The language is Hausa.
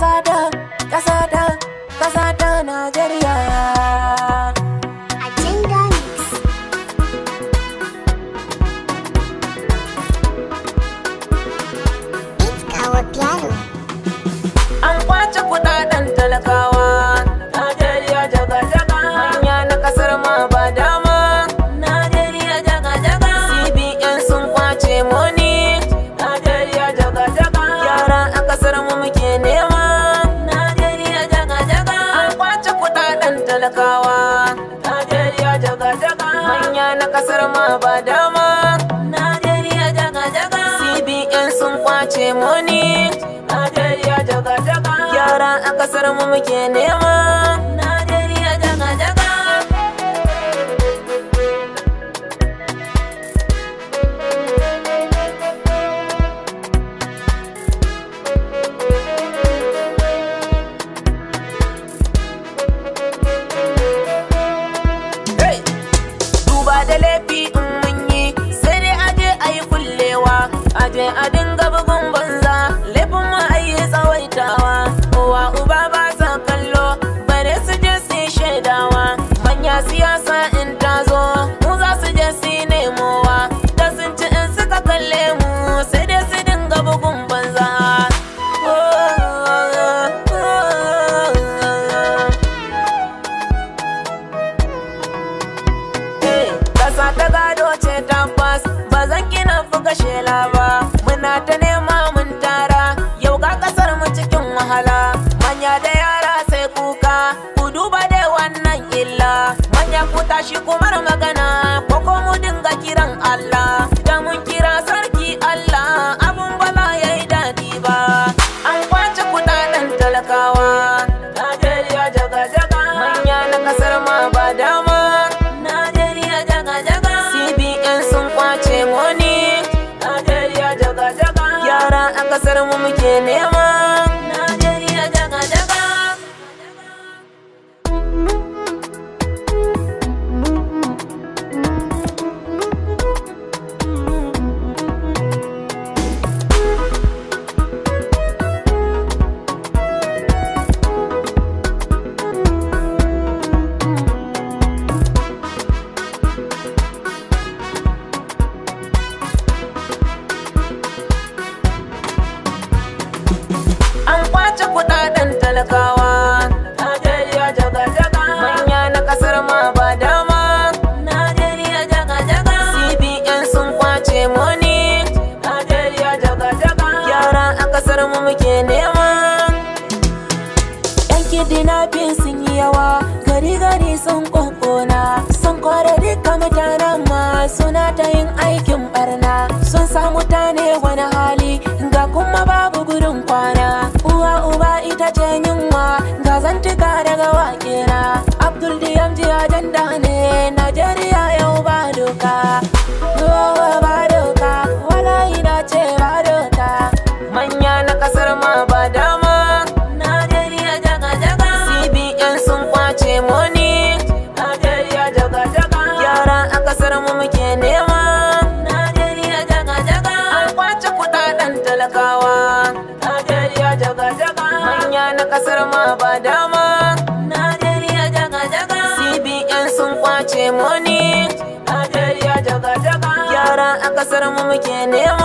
ƙasa ta ƙasa ta ƙasa ta Najeriya An kwace kudaden talakawa talakawa Najeriya jaga jaga manya na kasar ma ba dama Najeriya jaga jaga CBN sun kwace muni Najeriya jaga jaga yara a kasar mu muke nema arewa aje a dinga bugun banza laifin ma ayi tsawaitawa uwa uba ba sa kallo bare su je su shaidawa manya siyasa in ta zo mu za su je su nemowa da sun ci in suka kalle mu sai dai su dinga bugun banza Kasa eh, ta gado ce ta kashe ba muna ta nema mun tara yau ga kasar mu cikin wahala manya da yara sai kuka ku duba da wannan illa manya ku tashi kumar magana ko ko mu dinga kiran Allah kuɗaɗen talakawa ajanda ne Najeriya yau ba doka muke nema